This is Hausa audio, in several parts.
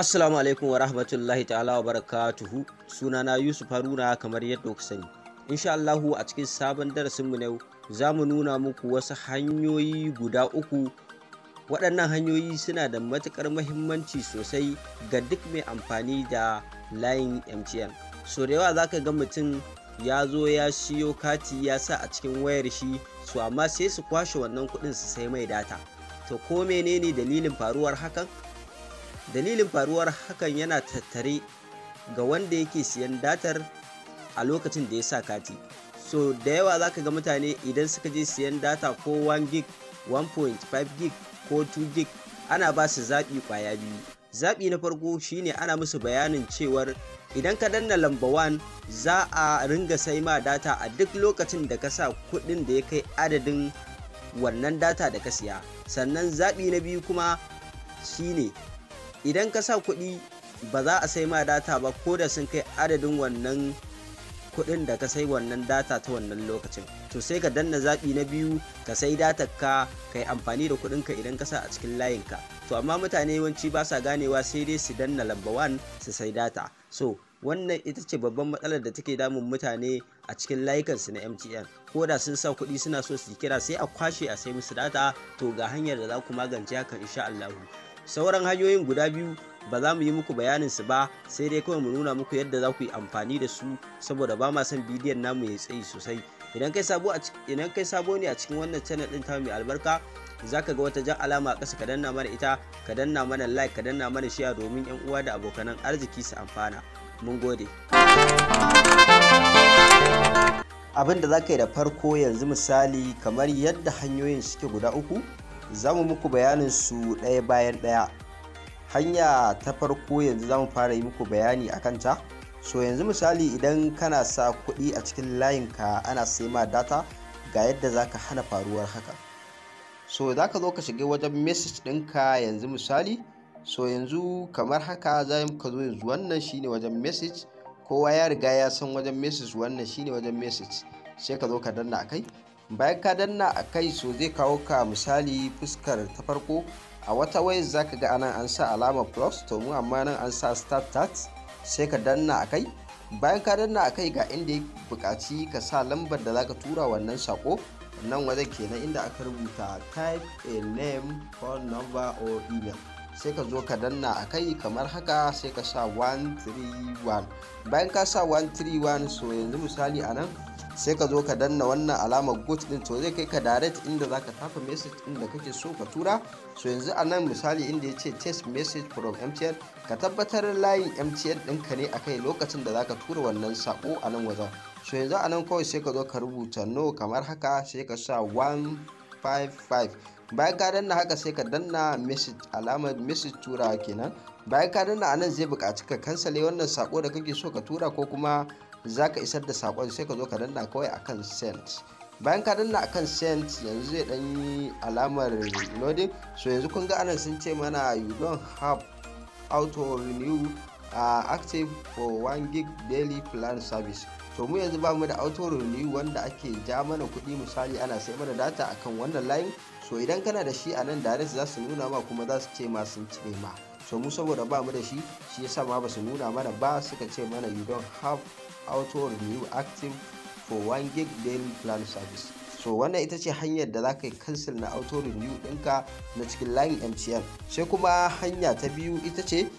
Assalamu alaikum wa rahmatullahi ta'ala wa barakatuhu sunana Yusuf Haruna kamar yadda ku sani. Insha Allahu a cikin sabon darasin mu yau za mu nuna muku wasu hanyoyi guda uku waɗannan hanyoyi suna da matuƙar mahimmanci sosai ga duk mai amfani da layin MTN. So da yawa za ka ga mutum ya zo ya siyo kati ya sa a cikin wayar shi su amma sai su kwashe wannan kuɗin su sai mai data. To ko menene dalilin faruwar hakan? dalilin faruwar hakan yana tattare ga wanda yake siyan datar a lokacin da ya sa kati so da yawa za ka ga mutane idan suka je siyan data ko 1 gig 1.5 gig ko 2 gig ana ba su zaɓi kwaya biyu zaɓi na farko shine ana musu bayanin cewar idan ka danna lamba 1 za a ringa sai ma data a duk lokacin da ka sa kuɗin da ya kai adadin wannan data da ka siya sannan zaɓi na biyu kuma shine idan ka sa kuɗi ba za a sai ma data ba ko da sun kai adadin wannan kuɗin da ka sai wannan data ta wannan lokacin to sai ka danna zaɓi na biyu ka sai data ka ka yi amfani da kuɗin ka idan ka sa a cikin layin ka to amma mutane yawanci ba sa ganewa sai dai su danna lamba su sai data so wannan ita ce babban matsalar da take damun mutane a cikin layukansu na mtn ko da sun sa kuɗi suna so su kira sai a kwashe a sai musu data to ga hanyar da za ku magance hakan insha allahu sauran hanyoyin guda biyu ba za mu yi muku bayanin su ba sai dai kawai mu nuna muku yadda za ku yi amfani da su saboda ba ma son bidiyon namu ya tsayi sosai idan kai sabo ne a cikin wannan channel din ta mai albarka zaka ga wata jan alama a ƙasa ka danna mana ita ka danna mana like ka danna mana share domin yan uwa da abokanan arziki su amfana mun gode abin da za ka yi da farko yanzu misali kamar yadda hanyoyin suke guda uku za mu muku bayanin su ɗaya bayan ɗaya hanya ta farko yanzu za mu fara yi muku bayani a kanta so yanzu misali idan kana sa kuɗi a cikin layinka ana sai ma data ga yadda za ka hana faruwar haka so za ka zo ka shiga wajen message ɗinka yanzu misali so yanzu kamar haka za ka zo yanzu wannan shine wajen message kowa ya riga ya san wajen message wannan shine wajen message sai ka zo ka danna a kai. bayan ka danna a kai so zai kawo ka misali fuskar ta farko a wata wayar za ka ga anan an sa alamar plus to mu amma nan an sa start sai ka danna a kai bayan ka danna a kai ga inda ya buƙaci ka sa lambar da za ka tura wannan sako nan wajen kenan inda aka rubuta type a name phone number or email sai ka zo ka danna a kai kamar haka sai ka sa 131 bayan ka sa 131 so yanzu misali anan. sai ka zo ka danna wannan alamar good din to zai kai ka direct inda za ka tafa message inda kake so ka tura so yanzu a nan misali inda ya ce test message from mtn ka tabbatar layin mtn ɗinka ne akai lokacin da za ka tura wannan sako a nan wajen so yanzu a nan kawai sai ka zo ka rubuta no kamar haka sai ka sa 155 bayan ka danna haka sai ka danna message alamar message tura kenan bayan ka danna anan zai buƙaci ka kansale wannan sako da kake so ka tura ko kuma za ka isar da saƙon sai ka zo ka danna kawai akan sent bayan ka danna akan sent yanzu zai dan yi alamar loading so yanzu kun ga anan sun ce mana you don't have auto renew uh, active for 1 gig daily plan service to mu yanzu ba mu da auto renew wanda ake ja mana kuɗi misali ana sai mana data akan wannan layin so idan kana da shi a nan direct za su nuna ma kuma za su ce ma sun cire ma so mu saboda ba mu da shi shi yasa ma ba su nuna mana ba suka ce mana you don't have auto renew active for 1 gig daily plan service so wannan ita ce hanyar da za ka yi cancel na auto renew ɗinka na cikin line mtn sai kuma hanya ta biyu ita ce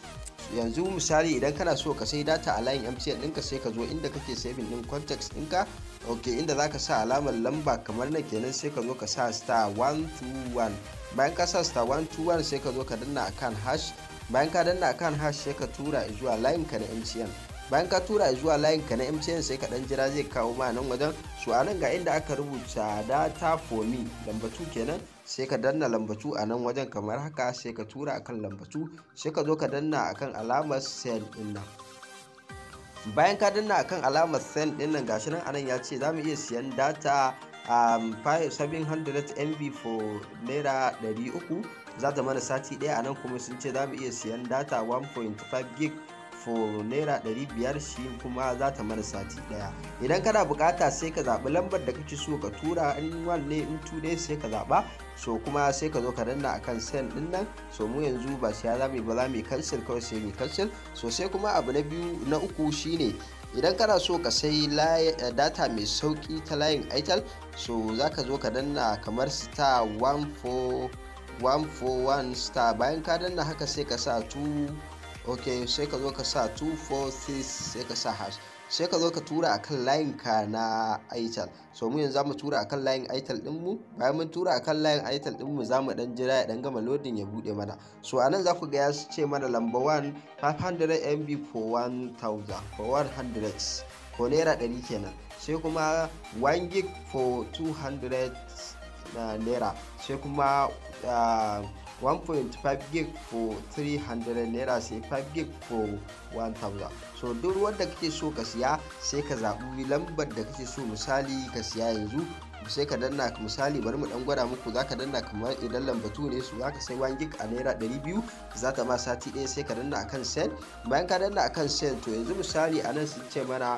yanzu misali idan kana so ka sai data a line mtn ɗinka sai ka zo inda kake saving ɗin context ɗinka ok inda za ka sa alamar lamba kamar na kenan sai ka zo ka sa star 121 bayan ka sa star 121 sai ka zo ka danna akan hash bayan ka danna akan hash sai ka tura zuwa line ka na mtn bayan ka tura zuwa layin ka na mtn sai ka dan jira zai kawo ma nan wajen su a nan ga inda aka rubuta data for me lambatu kenan sai ka danna lambatu a nan wajen kamar haka sai ka tura akan lambatu sai ka zo ka danna akan alamar send din nan bayan ka danna akan alamar send din nan gashi nan anan ya ce za mu iya siyan data um, 700 mb for naira 300 za ta mana sati daya a nan kuma sun ce za mu iya siyan data 1.5 gig for naira 500 shi kuma za ta mara sati daya idan kana bukata sai ka zaɓi lambar da kake so ka tura in wanne in tu sai ka zaɓa so kuma sai ka zo ka danna akan send din nan so mu yanzu ba sai ya zame ba za cancel kawai sai mu cancel so sai kuma abu na biyu na uku shine idan kana so ka sai eh, data mai sauki ta layin itel so za ka zo ka danna kamar star 141 star bayan ka danna haka sai ka sa 2 ok sai ka zo ka sa 246 sai ka sa hash sai ka zo ka tura akan layin ka na itel so mu yanzu mu tura akan layin itel din mu bayan mun tura akan layin itel din mu zamu dan jira ya dan gama loading ya bude mana so anan za ku ga ya ce mana lamba 1 500 mb for 1000 for 100 ko naira 100 kenan sai kuma 1 gig for 200 uh, naira sai kuma uh, 1.5 gig for 300 naira sai 5 gig for 1000 so duk wanda kake so ka siya sai ka zaɓi lambar da kake so misali ka siya yanzu sai ka danna misali bari mu dan gwada muku zaka danna kamar idan lambatu ne su zaka sai 1 gig a naira 200 zaka ma sati ɗaya sai ka danna akan send bayan ka danna akan send to yanzu misali anan sun ce mana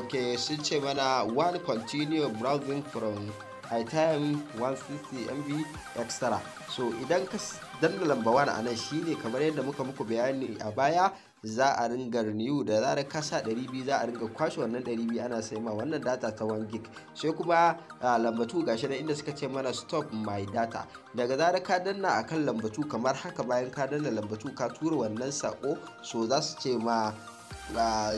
ok sun ce mana one continue browsing from a time 160 mb extra so idan ka danna lamba 1 a nan shine kamar yadda muka muku bayani a baya za a ringa renew da zarar ka sa 200 za a ringa kwashe wannan 200 ana sai ma wannan data ta 1 gig sai kuma lambatu gashi nan inda suka ce mana stop my data daga zarar ka danna akan lambatu kamar haka bayan ka danna lambatu ka tura wannan sako so za su ce ma ga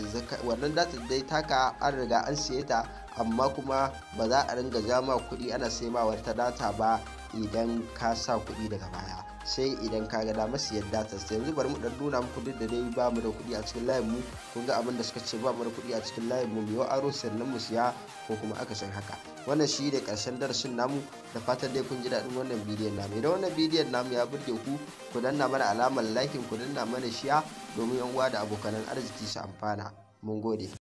wannan data dai taka an riga an siye ta amma kuma ba za a ringa jama kuɗi ana sai ma wata data ba idan ka sa kuɗi daga baya sai idan ka ga damar siyar data yanzu bari mu dan nuna muku duk da dai ba mu da kuɗi a cikin layin mu kun ga abin da suka ce ba mu da kuɗi a cikin layin mu biyo aro sannan mu siya ko kuma aka san haka wannan shi ne karshen darasin namu da fatan dai kun ji daɗin wannan bidiyon namu idan wannan bidiyon namu ya burge ku ku danna mana alamar likin ku danna mana shiya domin yan uwa da abokanan arziki su amfana mun gode